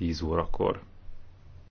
10 órakor.